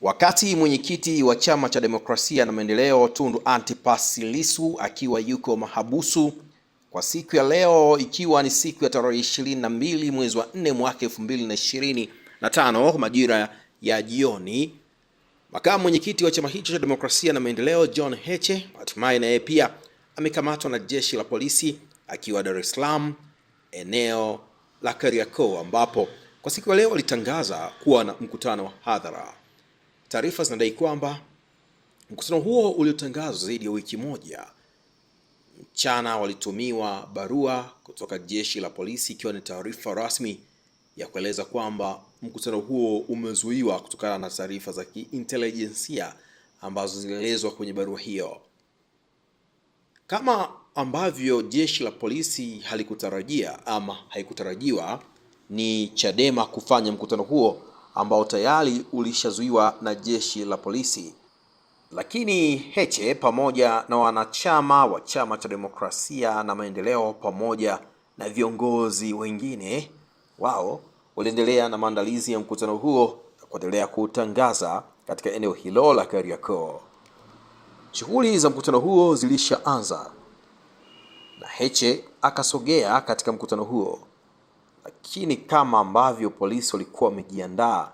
Wakati mwenyekiti wa chama cha demokrasia na maendeleo Tundu Antipas Lissu akiwa yuko mahabusu kwa siku ya leo, ikiwa ni siku ya tarehe ishirini na mbili mwezi wa nne mwaka elfu mbili na ishirini na tano majira ya jioni, makamu mwenyekiti wa chama hicho cha demokrasia na maendeleo John Heche hatimaye naye pia amekamatwa na jeshi la polisi akiwa Dar es Salaam eneo la Kariakoo, ambapo kwa siku ya leo alitangaza kuwa na mkutano wa hadhara. Taarifa zinadai kwamba mkutano huo uliotangazwa zaidi ya wiki moja mchana walitumiwa barua kutoka jeshi la polisi ikiwa ni taarifa rasmi ya kueleza kwamba mkutano huo umezuiwa kutokana na taarifa za kiintelijensia ambazo zilielezwa kwenye barua hiyo. Kama ambavyo jeshi la polisi halikutarajia ama haikutarajiwa ni Chadema kufanya mkutano huo ambao tayari ulishazuiwa na jeshi la polisi. Lakini Heche pamoja na wanachama wa Chama cha Demokrasia na Maendeleo pamoja na viongozi wengine wao waliendelea na maandalizi ya mkutano huo na kuendelea kutangaza katika eneo hilo la Kariakoo. Shughuli za mkutano huo zilishaanza na Heche akasogea katika mkutano huo lakini kama ambavyo polisi walikuwa wamejiandaa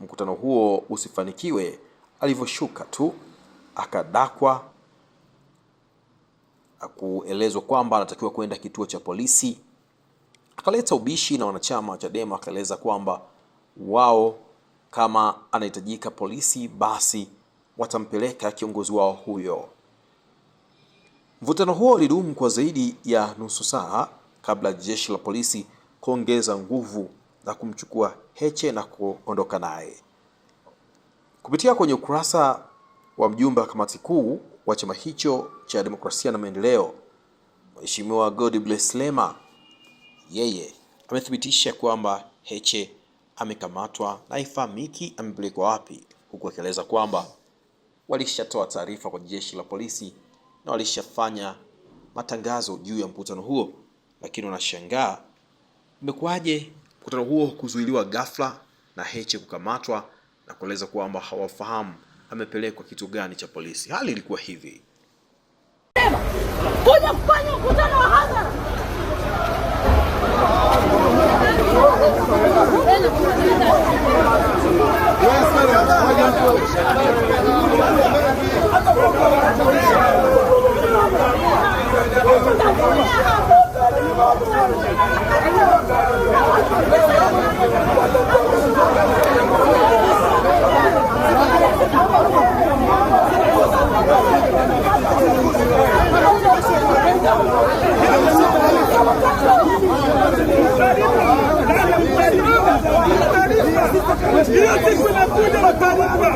mkutano huo usifanikiwe, alivyoshuka tu akadakwa, akuelezwa kwamba anatakiwa kwenda kituo cha polisi. Akaleta ubishi na wanachama wa Chadema akaeleza kwamba wao kama anahitajika polisi, basi watampeleka kiongozi wao huyo. Mvutano huo ulidumu kwa zaidi ya nusu saa kabla jeshi la polisi kuongeza nguvu na kumchukua Heche na kuondoka naye. Kupitia kwenye ukurasa wa mjumbe wa kamati kuu wa chama hicho cha demokrasia na maendeleo, Mheshimiwa Bless Lema yeye amethibitisha kwamba Heche amekamatwa na ifahamiki amepelekwa wapi, huku akieleza kwamba walishatoa taarifa kwa jeshi la polisi na walishafanya matangazo juu ya mkutano huo, lakini wanashangaa Imekuwaje mkutano huo kuzuiliwa ghafla na Heche kukamatwa na kueleza kwamba hawafahamu amepelekwa kitu gani cha polisi? Hali ilikuwa hivi. Kuja kufanya mkutano wa hadhara